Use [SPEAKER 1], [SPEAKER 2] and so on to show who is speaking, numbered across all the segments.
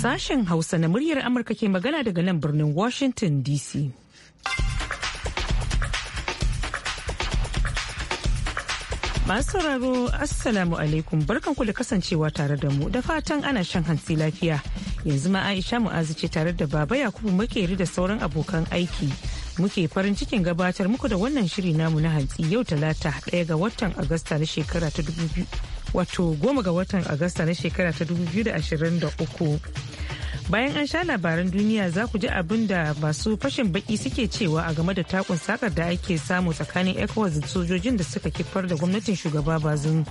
[SPEAKER 1] Sashen Hausa na muryar Amurka ke magana daga nan birnin Washington DC. Masu sauraro Assalamu alaikum barkanku da kasancewa tare da mu da fatan ana shan hantsi lafiya. Yanzu ma Aisha Mu'azu ce tare da Baba Yakubu Makeri da sauran abokan aiki. muke farin cikin gabatar muku da wannan shiri namu na hantsi yau talata ɗaya ga watan agusta na shekara ta wato goma ga watan agusta na shekara ta uku. bayan an sha labaran duniya za ku ji abin da masu fashin baki suke cewa a game da takun sakar da ake samu tsakanin ecowas da sojojin da suka kifar da gwamnatin shugaba bazin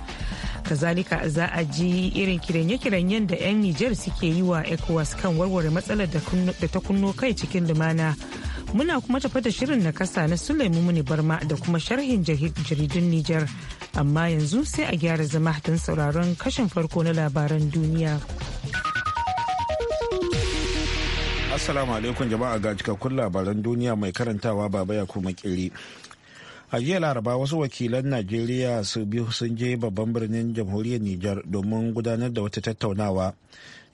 [SPEAKER 1] kazalika za a ji irin kiranye-kiranyen da 'yan nijar suke yi wa ecowas kan warware matsalar da ta kunno kai cikin lumana muna kuma tafa da shirin na kasa na sulaimu muni barma da kuma sharhin jaridun nijar amma yanzu sai a gyara zama don sauraron kashin farko na labaran duniya.
[SPEAKER 2] Assalamu alaikum jama'a ga cikakkun labaran duniya mai karantawa baba ya kuma kiri. A jiya laraba wasu wakilan Najeriya su biyu sun je babban birnin jamhuriyar Nijar domin gudanar da wata tattaunawa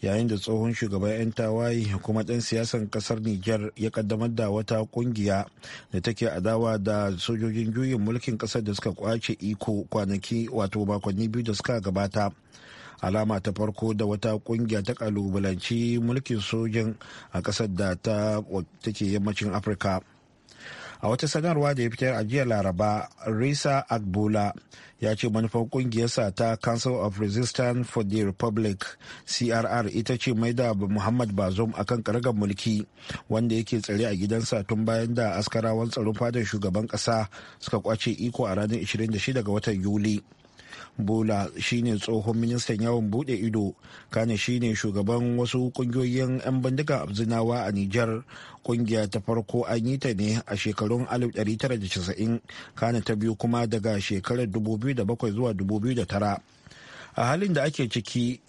[SPEAKER 2] yayin da tsohon shugaban 'yan tawaye kuma ɗan siyasan ƙasar Nijar ya kaddamar da wata ƙungiya da take adawa da sojojin juyin mulkin ƙasar da suka kwace iko kwanaki wato makonni biyu da suka gabata. alama ta farko da wata kungiya ta kalubalanci mulkin sojin a kasar da ta take yammacin afirka a wata sanarwa da ya fitar a jiya laraba risa agbola ya ce manufar kungiyarsa ta council of resistance for the republic crr ita ce mai da muhammad bazom akan karagar mulki wanda yake tsare a gidansa tun bayan da askarawan tsaron fadar shugaban kasa suka kwace iko a ranar 26 ga watan yuli bola shine tsohon ministan yawon bude ido kane shine shugaban wasu kungiyoyin 'yan bindiga abzinawa a niger kungiya ta farko an yi ta ne a shekarun 1990 kane ta biyu kuma daga shekarar 2007 zuwa 2009 a halin da ake ciki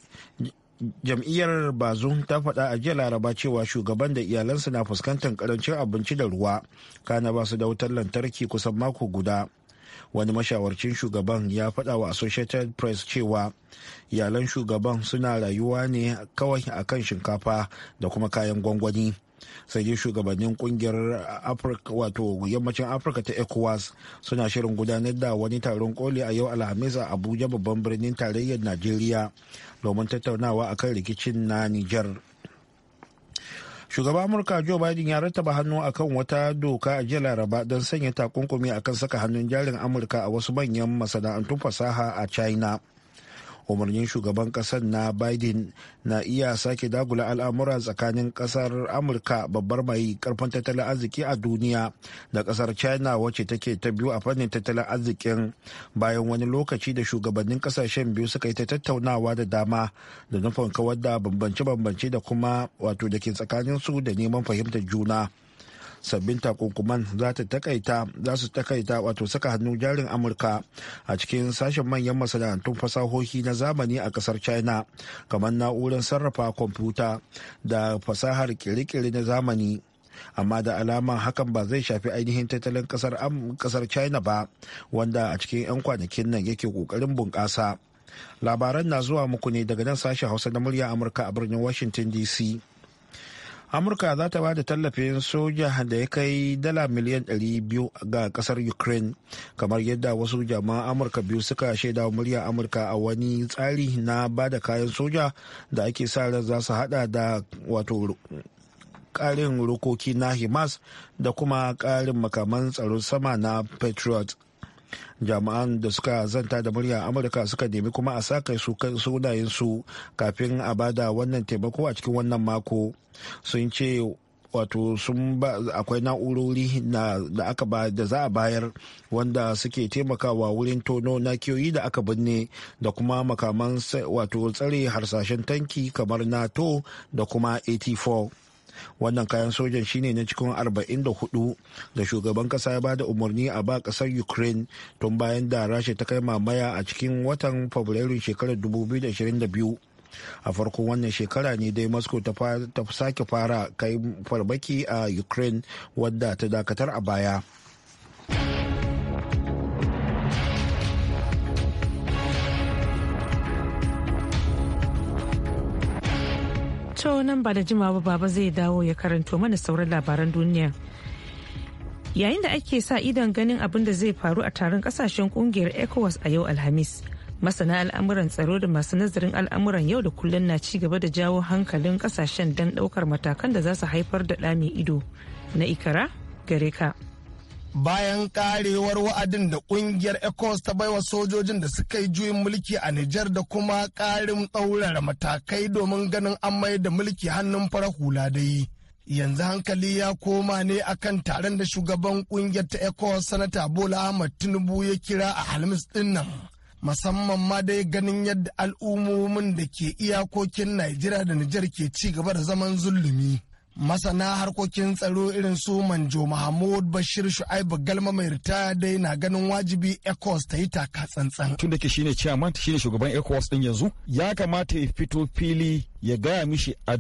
[SPEAKER 2] jam'iyyar bazu ta faɗa a jiya laraba cewa shugaban da iyalansa na fuskantar karancin abinci da ruwa kana ba su da wutar lantarki kusan mako guda wani mashawarcin shugaban ya faɗa wa associated press cewa iyalan shugaban suna rayuwa ne kawai a kan shinkafa da kuma kayan gwangwani sai dai shugabannin kungiyar wato yammacin afirka ta ecowas suna shirin gudanar da wani taron koli a yau alhamis a abuja babban birnin tarayyar najeriya domin tattaunawa akan rikicin na niger shugaban amurka joe biden ya rattaba hannu akan wata doka a jiya laraba don sanya takunkumi akan saka hannun jarin amurka a wasu manyan masana'antun fasaha a china umarnin shugaban kasar na biden na iya sake dagula al'amura tsakanin kasar amurka babbar mai karfin tattalin arziki a duniya da kasar china wacce take ta biyu a fannin tattalin arzikin bayan wani lokaci da shugabannin kasashen biyu suka yi ta tattaunawa da dama da nufin kawar da bambance-bambance da kuma wato da ke tsakanin su da neman fahimtar juna. sabbin takunkuman za ta takaita za su takaita wato saka hannun jarin amurka a cikin sashen manyan masana'antun fasahohi na zamani a kasar china kamar na'urar sarrafa kwamfuta da fasahar kirikiri na zamani amma da alama hakan ba zai shafi ainihin tattalin kasar china ba wanda a cikin 'yan kwanakin nan yake kokarin bunƙasa labaran na zuwa muku ne daga nan sashen hausa na murya amurka a birnin washington dc amurka za ta ba da tallafin soja da ya kai dala miliyan 200 ga kasar ukraine kamar yadda wasu jama'an amurka biyu suka shaida murya amurka a wani tsari na ba da kayan soja da ake sa ran za su hada da wato karin rokoki na himas da kuma karin makaman tsaron sama na patriot jami'an da suka zanta da murya amurka suka nemi kuma a saka su sunayensu kafin a bada wannan taimako a cikin wannan mako sun ce wato sun ba akwai na'urori na da aka ba da za a bayar wanda suke taimakawa wurin tono na kiyoyi da aka binne da kuma makaman wato tsare harsashen tanki kamar nato da kuma 84 wannan kayan sojan shine na cikin 44 da shugaban kasa ya bada umarni a ba kasar ukraine tun bayan da rasha ta kai mamaya a cikin watan fabrairu shekarar 2022 a farkon wannan shekara ne dai moscow ta sake fara kai farmaki a ukraine wadda ta dakatar a baya
[SPEAKER 1] kawo nan ba da jimawa baba zai dawo ya karanto mana sauran labaran duniya. Yayin da ake sa idon ganin abin da zai faru a taron kasashen kungiyar ECOWAS a yau Alhamis. Masana al'amuran tsaro da masu nazarin al'amuran yau da kullum na ci gaba da jawo hankalin kasashen don ɗaukar matakan da za su haifar da ɗa ido na ikara gare ka.
[SPEAKER 3] bayan karewar wa'adin da kungiyar ecos ta baiwa sojojin da suka yi juyin mulki a nijar da kuma karin ɗaurara matakai domin ganin an mai da mulki hannun fara hula dai yanzu hankali ya koma ne akan taron da shugaban kungiyar ta ecos sanata bola ahmad tinubu ya kira a halmis ɗinnan, musamman ma dai ganin yadda al'ummomin da ke iyakokin Najeriya da Nijar ke ci gaba da zaman zulumi. masana harkokin tsaro irin su manjo mahmud bashir shu'aibu galma mai ritaya dai na ganin wajibi ecos ta yi taka tsantsan tun da ke shine chairman shine shugaban ecos din yanzu ya kamata ya fito fili ya gaya mishi a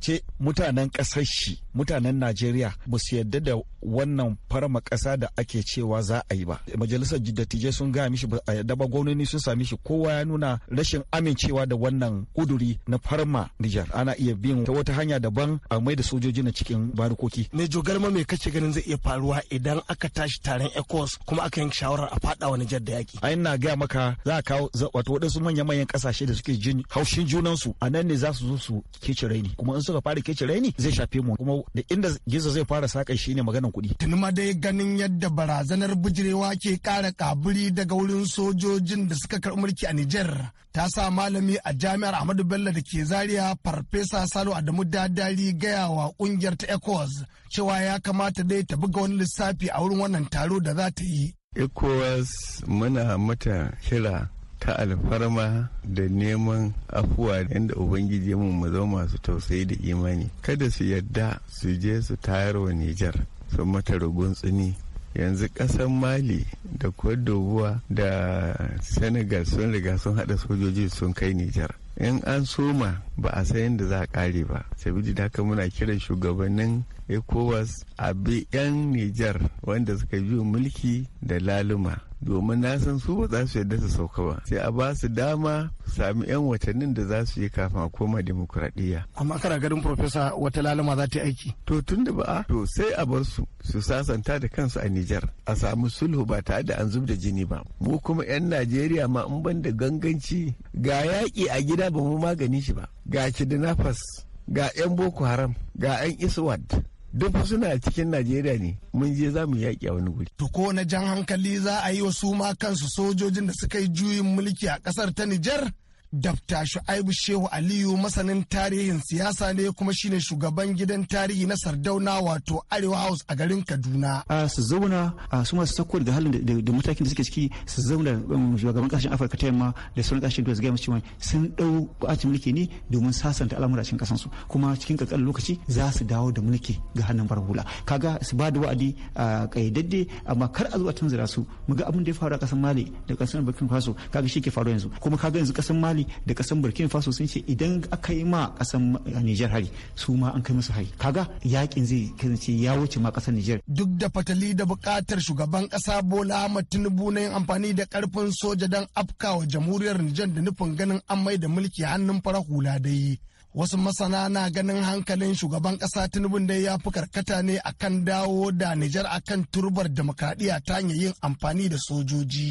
[SPEAKER 3] ce mutanen kasar shi mutanen najeriya ba su yarda da wannan farma ƙasa da ake cewa za a yi ba majalisar dattijai sun gaya mishi ba a yarda ba gwamnoni sun sami shi kowa ya nuna rashin amincewa da wannan kuduri na farma nijar ana iya bin ta wata hanya daban a mai da sojoji na cikin barukoki. ne jogarma me kace ganin zai iya faruwa idan aka tashi taron ECOWAS kuma aka yanke shawarar a fada wa nijar da yaki a ina gaya maka za a kawo wato waɗansu manya-manyan ƙasashe da suke jin haushin junansu a nan ne za su zo su kece raini kuma in suka fara kece raini zai shafe mu kuma da inda gizo zai fara sakai shine maganan kuɗi. Tuni ma dai ganin yadda barazanar bijirewa ke ƙara kaburi daga wurin sojojin da suka karɓi mulki a Nijar. Ta sa malami a jami'ar Ahmadu Bello da ke Zaria Farfesa Salo Adamu Dadari gayawa wa ƙungiyar ta ECOWAS cewa ya kamata dai ta buga wani lissafi a wurin wannan taro da za ta yi.
[SPEAKER 4] ECOWAS muna mata kira ta alfarma da neman afuwa inda ubangiji mu mu zama masu tausayi da imani kada su yadda su je su tayar wa nijar su mata tsini yanzu ƙasar mali da kwadobuwa da senegal sun riga sun haɗa sojoji sun kai nijar in an soma ba a san yadda za a ƙare ba sabidi da haka muna kiran shugabannin ECOWAS a bi 'yan Nijar wanda suka biyo mulki da laluma. domin na san su ba za su yarda su sauka ba sai a ba su dama sami yan watannin da za su yi kafin a koma demokuraɗiyya.
[SPEAKER 3] amma kana ganin profesa wata laluma za ta yi aiki
[SPEAKER 4] to tun da ba to sai a bar su su sasanta da kansu a Nijar a samu sulhu ba tare da an zub da jini ba mu kuma yan Najeriya ma in ban da ganganci ga yaƙi a gida ba mu magani shi ba ga kidnappers ga yan Boko Haram ga yan Iswad duk suna cikin najeriya ne mun je za mu yaƙi a wani guri. to ko na jan hankali za a yi wa suma kansu
[SPEAKER 3] sojojin da suka yi juyin mulki a ƙasar ta nijar Dr. Shu'aibu Shehu Aliyu masanin tarihin siyasa ne kuma shine shugaban gidan tarihi na Sardauna wato Arewa House a garin Kaduna.
[SPEAKER 5] A su zauna a su masu sako da halin da matakin da suke ciki su zauna um, shugaban kasashen Afirka ta yamma da sauran kasashen da gaya cewa sun dau bukatun mulki ne domin sasanta al'amura cikin kasan su kuma cikin kankan lokaci za su dawo da mulki ga hannun bar Kaga su ba da wa'adi a kayyadadde amma kar a zo a zira su mu ga abin da ya faru a kasan Mali da kasan Burkina Faso kaga shi ke faru yanzu kuma kaga yanzu kasan Mali hari da kasan burkina faso sun ce idan aka yi ma kasan niger hari su ma an kai musu hari kaga yakin zai kasance ya wuce ma
[SPEAKER 6] kasan niger. duk
[SPEAKER 3] da fatali da bukatar shugaban kasa bola ahmad tinubu na yin amfani da karfin soja don afkawa jamhuriyar nijar da nufin ganin an mai da mulki hannun fara hula dai wasu masana na ganin hankalin shugaban kasa tinubu da ya fi karkata ne akan dawo da nijar akan turbar demokradiyya ta hanyar yin amfani da sojoji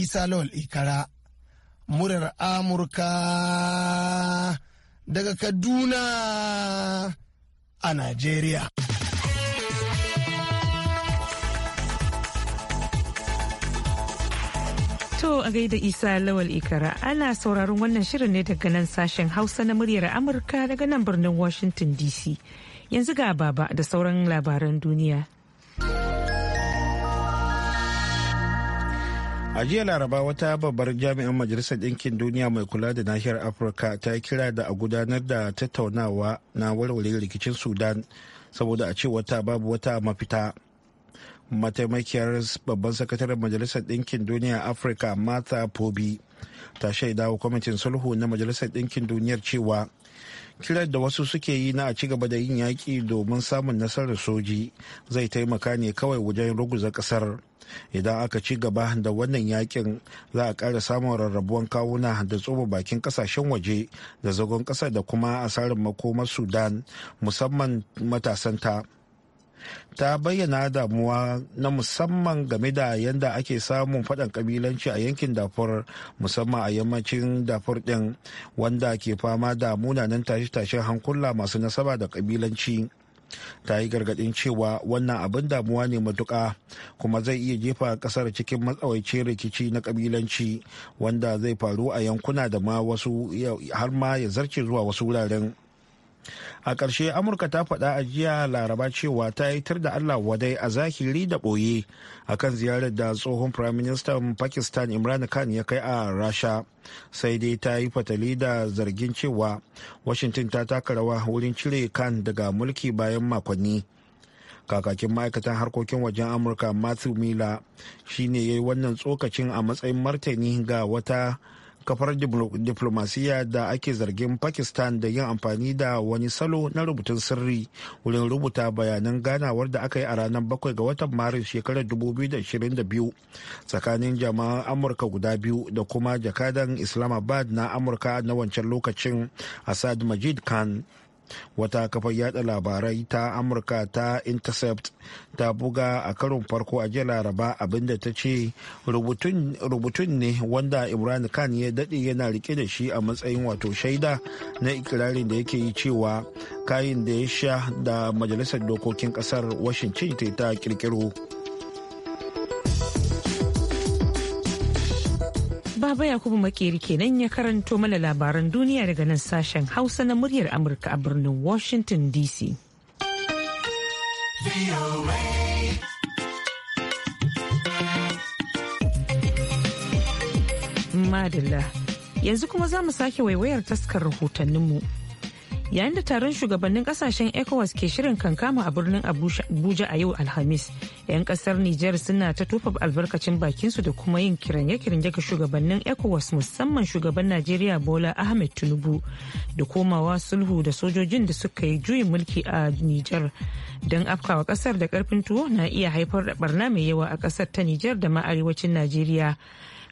[SPEAKER 3] isa lawal ikara murar Amurka daga Kaduna a Najeriya.
[SPEAKER 1] To a gaida Isa Lawal Ikara ana sauraron wannan shirin ne daga nan sashen Hausa na muryar Amurka daga nan birnin Washington DC. Yanzu ga baba da sauran labaran duniya.
[SPEAKER 2] A jiya Laraba wata babbar jami'an Majalisar Ɗinkin Duniya mai kula da nahiyar Afirka ta yi kira da a gudanar da tattaunawa na warware rikicin Sudan saboda a ce wata babu wata mafita. Mataimakiyar babban sakataren Majalisar Ɗinkin Duniya Afirka Martha Pobi ta shaida wa kwamitin sulhu na Majalisar Ɗinkin Duniyar cewa kiran da wasu suke yi na a ci gaba da yin yaƙi domin samun nasarar soji zai taimaka ne kawai wajen ruguza ƙasar. idan aka ci gaba da wannan yakin za a ƙara samun rarrabuwan kawuna da tsoba bakin kasashen waje da zagon ƙasa da kuma asarin makomar sudan musamman matasanta ta bayyana damuwa na musamman game da yadda ake samun faɗan kabilanci a yankin dafur musamman a yammacin dafur ɗin wanda ke fama da munanan tashe-tashen hankula masu nasaba da kabilanci ta yi gargadin cewa wannan abin damuwa ne matuka kuma zai iya jefa kasar cikin matsawaicin rikici na kabilanci wanda zai faru a yankuna da ma wasu har ma ya zarce zuwa wasu wuraren a ƙarshe amurka ta faɗa a jiya laraba cewa ta yi tar da allah wadai a zahiri da ɓoye kan ziyarar da tsohon firaministan pakistan imran khan ya kai a rasha sai dai ta yi fatali da zargin cewa washington ta taka rawa wurin cire khan daga mulki bayan makonni kakakin ma'aikatan harkokin wajen amurka matthew miller shine ya yi wannan tsokacin a matsayin martani ga wata kafar diflomasiyya da ake zargin pakistan da yin amfani da wani salo na rubutun sirri wurin rubuta bayanan ganawar da aka yi a ranar 7 ga watan maris shekarar 2022 tsakanin jama'an amurka guda biyu da kuma jakadan islamabad na amurka na wancan lokacin asad majid khan wata kafar yada labarai ta amurka ta intercept ta buga a karin farko a jiya laraba abinda ta ce rubutun ne wanda imran khan ya dade yana rike da shi a matsayin wato shaida na ikirarin da yake yi cewa kayan da ya sha da majalisar dokokin kasar washington ta kirkiro.
[SPEAKER 1] Baba Yakubu Makeri kenan ya karanto mana labaran duniya daga nan sashen Hausa na muryar Amurka a birnin Washington DC. Madalla. Yanzu kuma za mu sake waiwayar taskar rahotanninmu. mu. yayin da taron shugabannin kasashen ecowas ke shirin kankama a birnin abuja a yau alhamis 'yan kasar niger suna ta tofa albarkacin bakinsu da kuma yin kiranye kirange ga shugabannin ecowas musamman shugaban najeriya bola ahmed tinubu da komawa sulhu da sojojin da suka yi juyin mulki a niger don afkawa kasar da karfin tuwo na iya haifar da barna mai yawa a kasar ta niger da ma arewacin najeriya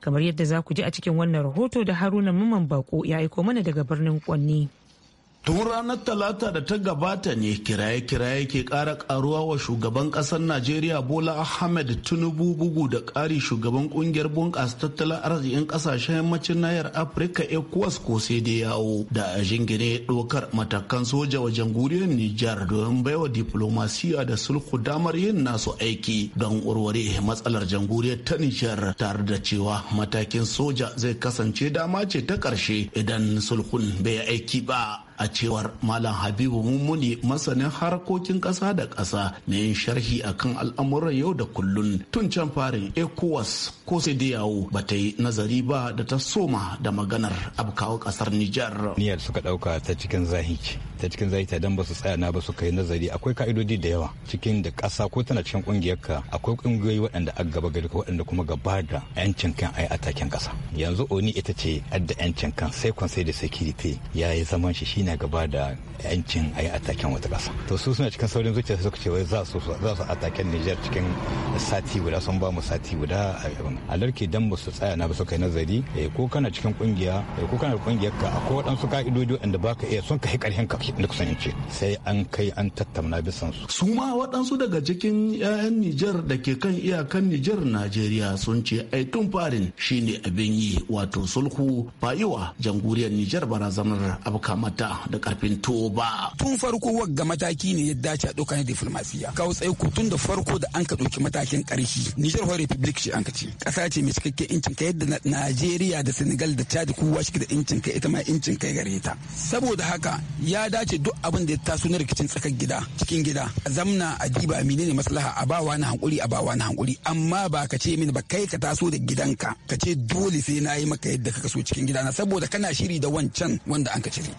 [SPEAKER 1] kamar yadda za ku ji a cikin wannan rahoto da haruna mamman bako ya aiko mana daga birnin kwanni.
[SPEAKER 5] Tun ranar Talata da ta gabata ne kiraye-kiraye ke ƙara ƙaruwa wa shugaban ƙasar Najeriya Bola Ahmed Tinubu bugu da ƙari shugaban ƙungiyar bunƙasa tattalin arzikin ƙasashen yammacin nahiyar Afirka ECOWAS ko sai da yawo da a jingine dokar matakan soja wa guriyar Nijar don baiwa diplomasiya da sulhu damar yin nasu aiki don warware matsalar jamhuriyar ta Nijar tare da cewa matakin soja zai kasance dama ce ta ƙarshe idan sulhun bai aiki ba. a cewar malam habibu mummuni masanin harkokin ƙasa da ƙasa na yin sharhi akan al'amuran yau da kullun tun can farin ecowas ko sai da yawo ba ta yi nazari ba da ta soma da maganar abkawa ƙasar nijar niyar
[SPEAKER 7] suka ɗauka ta cikin zahiki ta cikin zahita don ba su tsaya na ba su kai nazari akwai ka'idodi da yawa cikin da kasa ko tana cikin ƙungiyar ka akwai ƙungiyoyi waɗanda aka gaba gari ko waɗanda kuma gaba da 'yancin kan ai ataken kasa. yanzu oni ita ce adda 'yancin kan sai sai da security ya yi zaman shi na gaba da yancin a yi ataken wata ƙasa to su suna cikin saurin zuciya suka ce wai za su za su ataken Niger cikin sati guda sun ba mu sati guda a gaban alarki dan ba su tsaya na ba su kai nazari eh, ko kana cikin kungiya eh, ko kana kungiyar ka akwai waɗansu ka'idodi waɗanda ba ka iya sun kai ƙarshen ka da kusance sai an kai an tattauna bisan su
[SPEAKER 5] su ma waɗansu daga cikin 'ya'yan Niger da ke kan iyakan Niger Najeriya sun ce ai tun farin shine abin yi wato sulhu fa'iwa jamhuriyar Niger barazanar abka mata da karfin tuwo ba. Tun farko wagga mataki ne ya dace a ɗauka na diflomasiya. Kawo tsaye ku tun da farko da an ka ɗauki matakin ƙarshe. Nijar Hore Republic ce an ka ce. Ƙasa ce mai cikakken incin kai yadda Najeriya da Senegal da Chad kowa shi da incin kai ita ma incin kai gare ta. Saboda haka ya dace duk abin da ya taso na rikicin tsakar gida cikin gida. A zamna a diba ne maslaha a bawa wani hankuri a bawa wani hankuri amma ba ka ce mini ba kai ka taso da gidanka ka ce dole sai na yi maka yadda kaka so cikin gidana saboda kana shiri da wancan wanda an ka cire.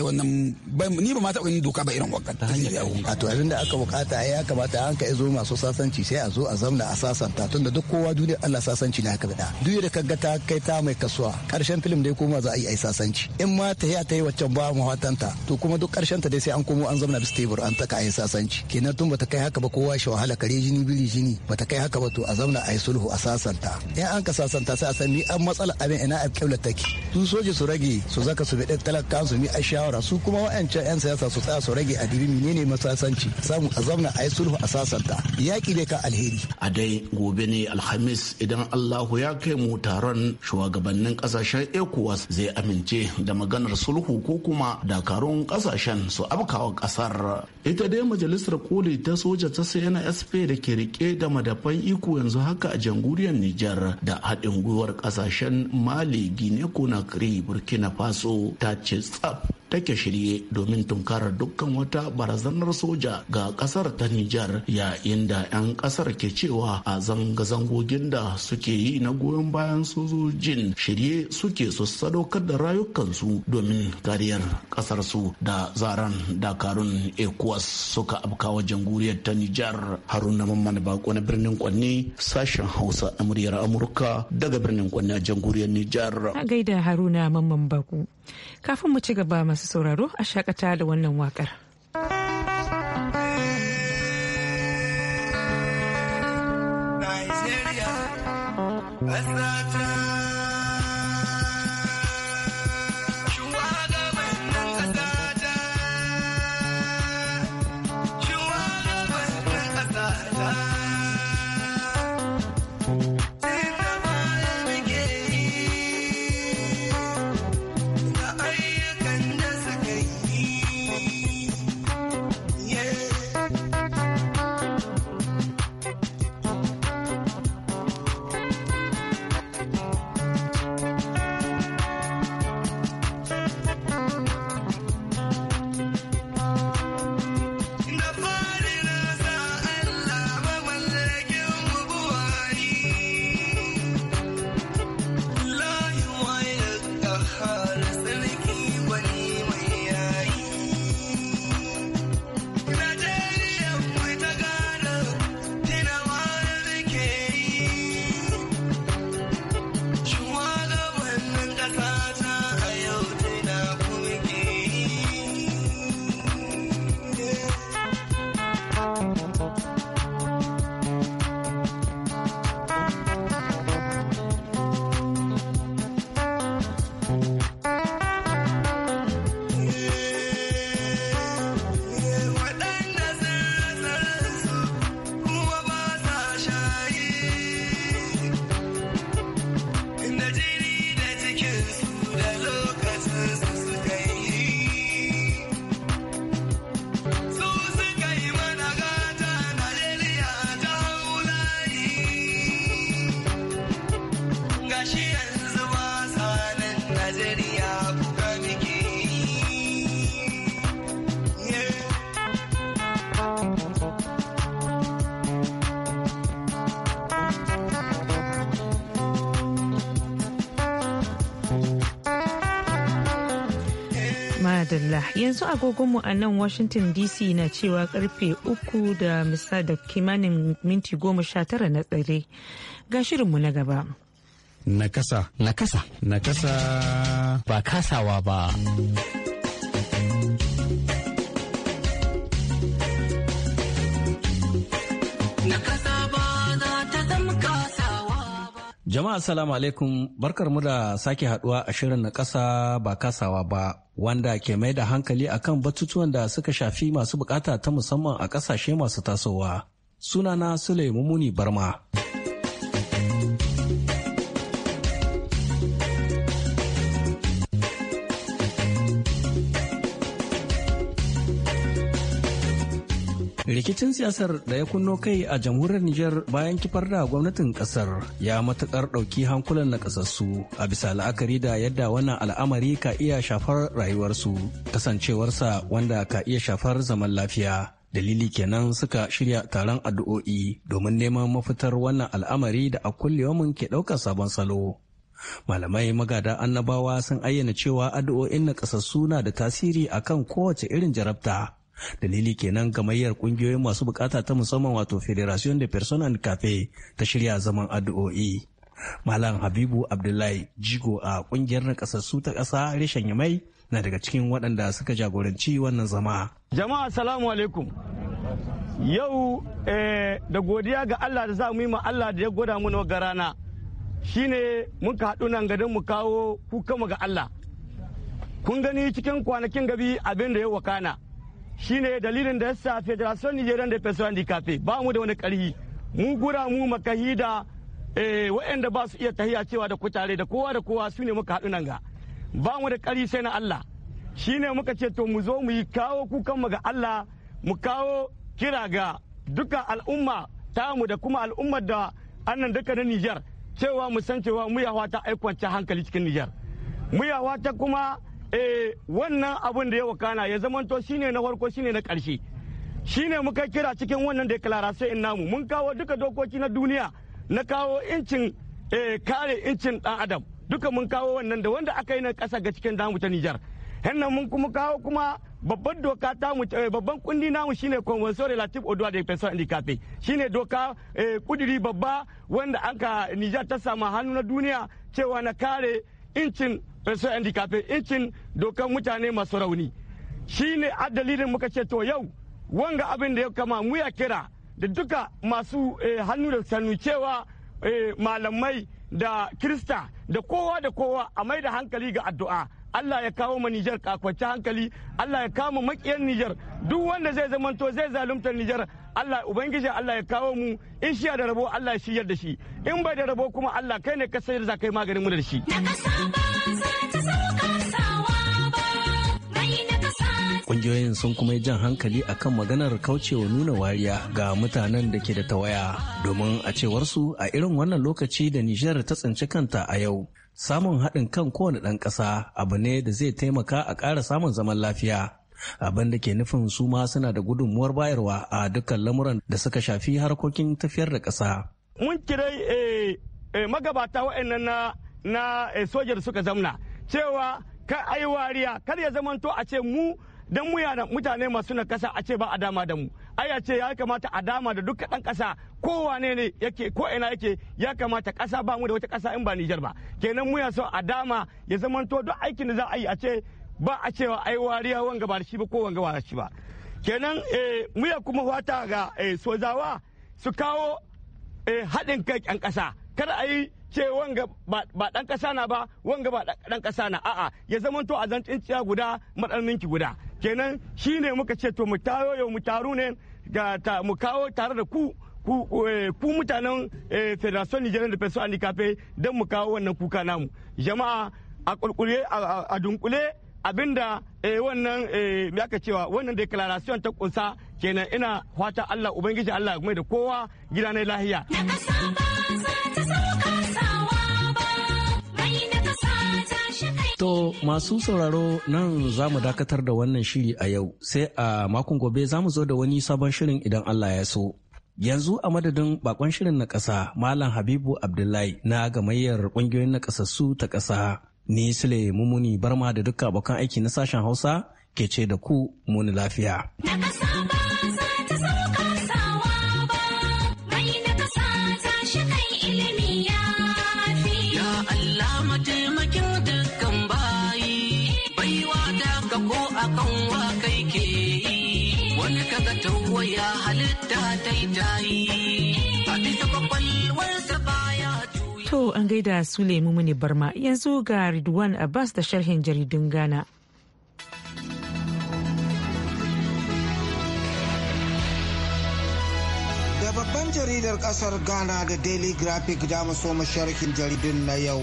[SPEAKER 5] wallahi wannan ni ba ma taɓa ganin doka ba irin wakar ta
[SPEAKER 3] hanyar yawo a to abinda aka bukata ya kamata an ka zo masu sasanci sai a zo a zamna a sasanta tunda duk kowa duniyar Allah sasanci na haka da duk da kaga ta kai ta mai kasuwa karshen film dai koma za a yi ai sasanci in ma ta yi ta yi waccan ba mu hatanta to kuma duk karshen ta dai sai an komo an zamna bis tebur an taka ai sasanci kenan tun bata kai haka ba kowa shi wahala kare jini bili jini bata kai haka ba to a zamna ai sulhu a sasanta in an ka sasanta sai a san ni an matsala abin ina a kyaula take su soji su rage su zaka su bi talaka su mi a sha shawara su kuma wa'ancan 'yan siyasa su tsaya su rage adibi menene matasanci samu a zauna a yi sulhu a sasanta yaƙi ne ka alheri.
[SPEAKER 5] A dai gobe ne Alhamis idan Allahu ya kai mu taron shugabannin kasashen ECOWAS zai amince da maganar sulhu ko kuma dakarun kasashen su afkawa kasar ita dai majalisar koli ta soja ta cnsp da ke rike da madafan iko yanzu haka a jamhuriyar nijar da haɗin gwiwar ƙasashen mali guinea conakry burkina faso ta ce tsaf take shirye domin tunkarar dukkan wata barazanar soja ga kasar ta Nijar yayin da 'yan kasar ke cewa a zanga-zangogin da suke yi na goyon bayan sojojin shirye suke su sadaukar da rayukansu domin kariyar kasarsu da zaren dakarun ekuwa ECOWAS suka afka wa guriyar ta Nijar Haruna Mamman Bako na birnin Kwanne sashen Hausa a muryar Amurka daga birnin Kwanne a jamhuriyar Nijar. A
[SPEAKER 1] gaida Haruna Mamman Bako. Kafin mu ci gaba masu sauraro a shakata da wannan wakar.
[SPEAKER 4] Nigeria,
[SPEAKER 1] yanzu agogonmu a nan washington dc na cewa karfe uku da misa da kimanin minti goma sha tara na tsare ga shirinmu na gaba
[SPEAKER 8] nakasa nakasa nakasa ba kasawa ba nakasa Jama'a salamu alaikum barkar mu da sake haduwa a shirin na kasa ba kasawa ba wanda ke mai da hankali akan batutuwan da suka shafi masu bukata ta musamman a kasashe masu tasowa. Sunana Sule Mumuni Barma. rikicin siyasar da ya kunno kai a jamhuriyar Nijar bayan kifar da gwamnatin kasar ya matukar ɗauki hankulan na kasassu a bisa la'akari da yadda wannan al'amari ka iya shafar rayuwarsu kasancewarsa wanda ka iya shafar zaman lafiya. Dalili kenan suka shirya taron addu'o'i domin neman mafitar wannan al'amari da a kullewamin ke ɗaukar sabon salo. malamai magada annabawa sun ayyana cewa addu'o'in na kasassu na da tasiri akan kowace irin jarabta dalili kenan gamayyar kungiyoyin masu bukata ta musamman wato federation de and cafe ta shirya zaman addu'o'i malam habibu abdullahi jigo a kungiyar na kasassu ta kasa reshen yamai na daga cikin waɗanda suka jagoranci wannan zama
[SPEAKER 7] jama'a salamu alaikum yau eh, da godiya ga allah da za mu yi ma allah da ya gwada mu na rana shine muka haɗu nan gadon mu kawo kuka mu ga allah kun gani cikin kwanakin gabi abin da ya wakana shine dalilin da yasa federation nigerian da peso handicapé ba mu da wani karhi mu gura mu makahi da eh, waɗanda ba su iya tahiya cewa da kutare da kowa da kowa su ne muka haɗu nan ga ba mu da karhi sai na Allah shine muka ce to mu zo mu yi kawo mu ga Allah mu kawo kira ga duka al'umma tamu da kuma al'ummar da annan duka na Nijar cewa mu san cewa mu ya wata aikwanci hankali cikin Nijar mu ya wata kuma eh wannan abin da ya wakana ya zamanto shine na farko shine na ƙarshe shine muka kira cikin wannan declaration namu mun kawo duka dokoki na duniya na kawo incin eh, kare incin dan adam duka mun kawo wannan da wanda aka yi na ƙasa ga cikin damu ta Nijar hannan mun kuma kawo kuma babban doka ta mu eh, babban kundi namu shine convention relative au droit des personnes handicapées shine doka eh, kudiri babba wanda anka Nijar ta samu hannu na duniya cewa na kare incin sai kafe incin dokan mutane masu rauni shi ne dalilin muka ce to yau wanga abin da ya kama mu ya kira da duka masu eh, hannu da sannu cewa eh, malamai da krista da kowa da kowa a mai da hankali ga addu'a Allah ya kawo ma Nijar kakwace hankali Allah ya kawo makiyar Nijar duk wanda zai zamanto zai zalunta Nijar Allah ubangiji Allah ya kawo mu in shi da rabo Allah ya shiyar da shi in bai da rabo kuma Allah kai ne ka sayar za kai maganin mu da shi
[SPEAKER 8] Ƙungiyoyin sun kuma yi jan hankali akan maganar kaucewa nuna wariya ga mutanen da ke da tawaya domin a cewarsu a irin wannan lokaci da Nijar ta tsinci kanta a yau samun haɗin kan kowane ɗan ƙasa abu ne da zai taimaka a ƙara samun zaman lafiya abin da ke nufin su ma suna da gudunmuwar bayarwa a dukkan lamuran da suka shafi harkokin tafiyar da ƙasa.
[SPEAKER 7] mun kirai eh, eh, magabata wa'annan na na eh, sojar suka zamna cewa ka ayi wariya kar ya zamanto a ce mu don mu yana mutane masu na kasa a ce ba a dama da mu ai a ce ya kamata a dama da duka dan kasa kowane ne yake ko ina yake ya kamata kasa ba mu da wata kasa in ba Nijar ba kenan mu ya a dama ya zamanto duk aikin da za a yi a ce ba a cewa ai wariya wanga ba da shi ba ko wanga ba shi ba kenan eh mu ya kuma fata ga eh, sojawa su kawo eh, haɗin kai kan kasa kada a yi ce wanga ba dan kasa na ba wanga ba dan kasa na a'a ya zamanto a zancinciya guda ki guda kenan shine muka ce to mu tayo yau mu taru ne mu kawo tare da ku ku eh, mutanen eh, federation nigerian da peso handicapé dan mu kawo wannan kuka namu jama'a a kulkule a dunkule abinda eh, wannan ya cewa wannan declaration ta kusa kenan ina fata allah ubangiji allah mai da kowa gida na lahiya.
[SPEAKER 8] To masu sauraro nan za mu dakatar da wannan shiri a yau sai a makon gobe za mu zo da wani sabon shirin idan Allah ya so. Yanzu a madadin bakon shirin na ƙasa Malam Habibu Abdullahi na gamayyar ƙungiyoyin na ƙasassu ta ƙasa ni Sule Mumuni Barma da dukkan abokan aiki na sashen Hausa ke ce da ku muni lafiya.
[SPEAKER 1] Na
[SPEAKER 3] ta a
[SPEAKER 1] To an gaida su lemu mune Barma yanzu ga Ridwan Abbas da sharhin jaridun Ghana.
[SPEAKER 6] Da babban jaridar kasar Ghana da Daily Graphic da soma sharhin jaridun na yau.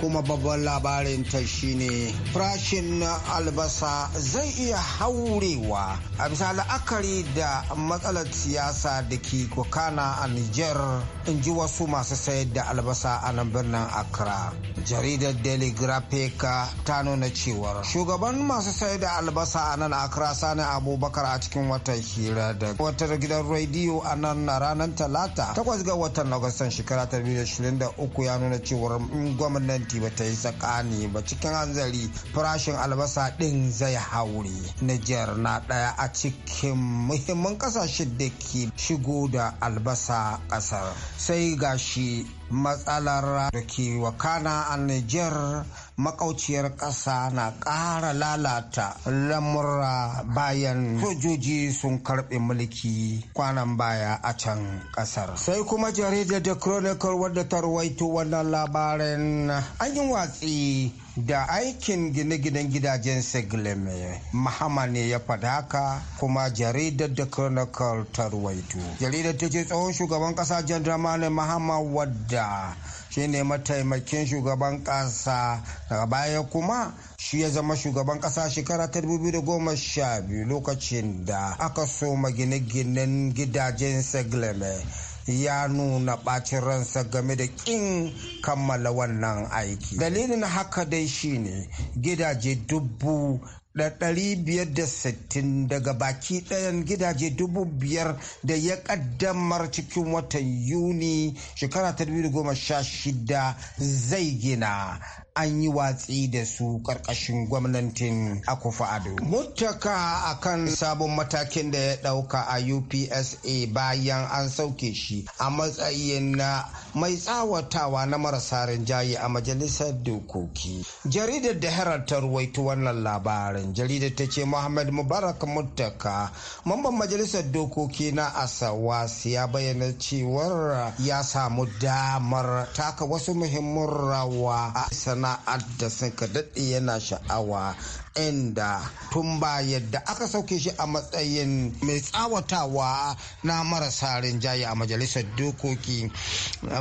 [SPEAKER 6] kuma babban labarin ta shine farashin albasa zai iya haurewa a bisa la'akari da matsalar siyasa da ke kokana a Nijar in ji wasu masu sayar da albasa a nan birnin Accra. Jaridar Daily Graphic ta nuna cewar shugaban masu sayar da albasa a nan Accra Sani Abubakar a cikin watan hira da wata gidan rediyo a nan ranar Talata takwas ga watan Agustan shekara 2023 ya nuna cewar gwamnati gwamnati ba ta yi tsakani ba cikin hanzari farashin albasa ɗin zai haure Nijar na ɗaya a cikin muhimman ƙasashen da ke shigo da albasa ƙasar sai gashi matsalar da ke wakana a Nijar makauciyar ƙasa na ƙara lalata lamura bayan sojoji sun karɓe mulki kwanan baya a can ƙasar. Sai kuma jaridar da Chronicle wadda ta wannan labarin an yi watsi da aikin gine-ginen gidajen Segleme. Mahama ne ya fadaka kuma jaridar da Chronicle ta Jaridar ta ce tsohon shugaban ƙasa Jan Dramani Mahama wadda shine mataimakin shugaban ƙasa daga baya kuma shi ya zama shugaban ƙasa shekara ta 2012 lokacin da aka soma gine-ginen gidajen segleme ya nuna ɓacin ransa game da ƙin kammala wannan aiki dalilin haka dai shine gidaje dubu 560 daga baki ɗayan gidaje 5,000 da ya ƙaddamar cikin watan Yuni shekara ta 2016 zai gina. an yi watsi da su karkashin gwamnatin akufa ado mutaka a kan. sabon matakin da ya dauka a upsa bayan an sauke shi a matsayin na mai tsawatawa na marasa rinjaye a majalisar dokoki jaridar da herald ta wannan labarin jaridar ta ce muhammad mubarak mutaka. mamban majalisar dokoki na asawas ya bayyana cewar ya samu damar taka wasu muhimmin rawa a sana'ar da sanka daɗe yana sha'awa inda tun ba yadda aka sauke shi a matsayin mai tsawatawa na marasa rinjaye a majalisar dokoki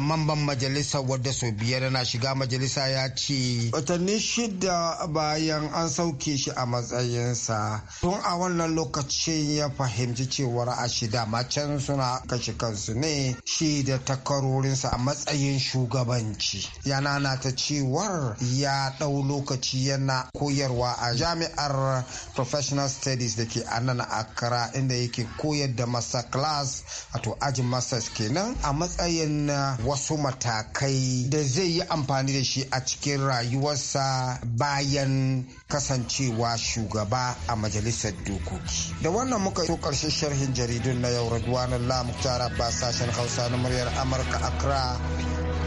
[SPEAKER 6] mamban majalisar wadda sau biyar na shiga majalisa ya ce watanni shida bayan an sauke shi a matsayinsa tun a wannan lokacin ya fahimci cewar a shida macen suna kashe kansu ne shi da takarorinsa a matsayin shugabanci yana na ta cewar ya ɗau lokaci yana koyarwa a jami'ar professional studies da ke nan Akra inda yake koyar da masa class wato ajin masters kenan a matsayin wasu matakai da zai yi amfani da shi a cikin rayuwarsa bayan kasancewa shugaba a majalisar dokoki da wannan muka so karshe sharhin jaridun na yau raduwanan tara ba sashen hausa na muryar amurka accra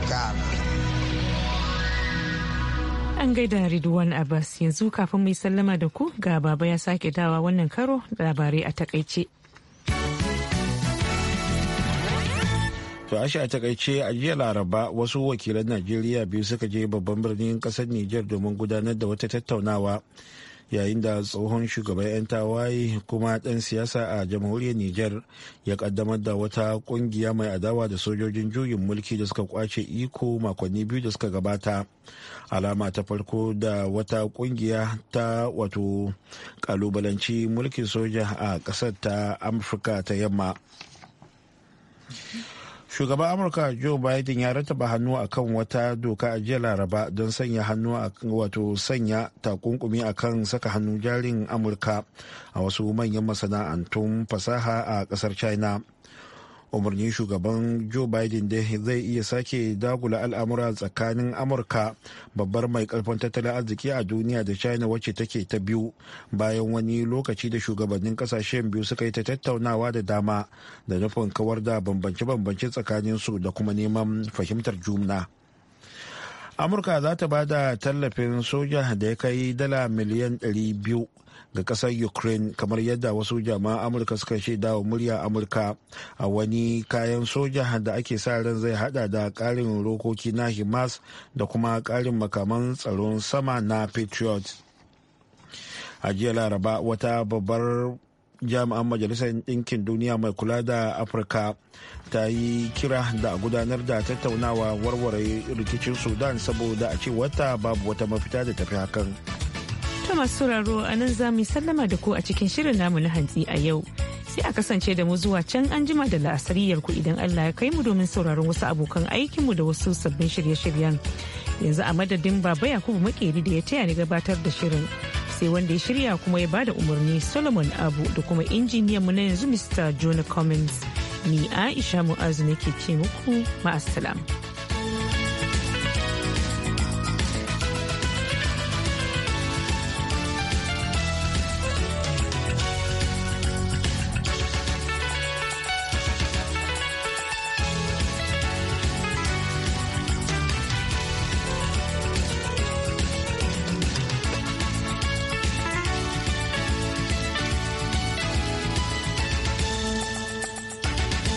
[SPEAKER 6] ghana
[SPEAKER 1] An gaida Ridwan Abbas yanzu kafin mai sallama da ku ga baba ya sake dawa wannan karo labarai a takaice.
[SPEAKER 2] To ashe a takaice a jiya laraba wasu wakilan Najeriya biyu suka je babban birnin kasar Nijar domin gudanar da wata tattaunawa yayin da tsohon shugaban 'yan tawaye kuma ɗan siyasa a jamhuriyar niger ya kaddamar da wata kungiya mai adawa da sojojin juyin mulki da suka kwace iko makonni biyu da suka gabata alama ta farko da wata kungiya ta wato kalubalanci mulkin soja a ƙasar ta amurka ta yamma shugaban amurka joe biden ya rataba hannu a kan wata doka a jiya laraba don sanya hannu a wato sanya takunkumi a kan saka hannu jarin amurka a wasu manyan masana'antun fasaha a kasar china umarnin shugaban joe biden da zai iya sake dagula al'amura tsakanin amurka babbar mai karfin tattalin arziki a duniya da china wacce take ta biyu bayan wani lokaci da shugabannin kasashen biyu suka yi ta tattaunawa da dama da nufin kawar da bambance-bambance su da kuma neman fahimtar juna. amurka za ta ba da tallafin soja da ya kai dala miliyan 200 ga kasar ukraine kamar yadda wasu jama'a amurka suka shaida wa murya amurka a wani kayan soja da ake sa ran zai hada da karin rokoki na himas da kuma karin makaman tsaron sama na patriot a jiya laraba wata babbar jami'an majalisar ɗinkin duniya mai kula da afirka ta yi kira da gudanar da tattaunawa warware rikicin sudan saboda a ce wata babu wata mafita da tafi hakan.
[SPEAKER 1] kuma masu sauraro a nan za mu sallama da ku a cikin shirin namu na hantsi a yau. Sai a kasance da mu zuwa can an jima da la'asariyar ku idan Allah ya kai mu domin sauraron wasu abokan aikinmu da wasu sabbin shirye-shiryen. Yanzu a madadin Baba Yakubu Makeri da ya taya ni gabatar da shirin. sai wanda ya shirya kuma ya bada umarni solomon abu da kuma injiniyan mu na yanzu mr jonah cummins ni aisha mu'azu nake ce muku ma'asalam.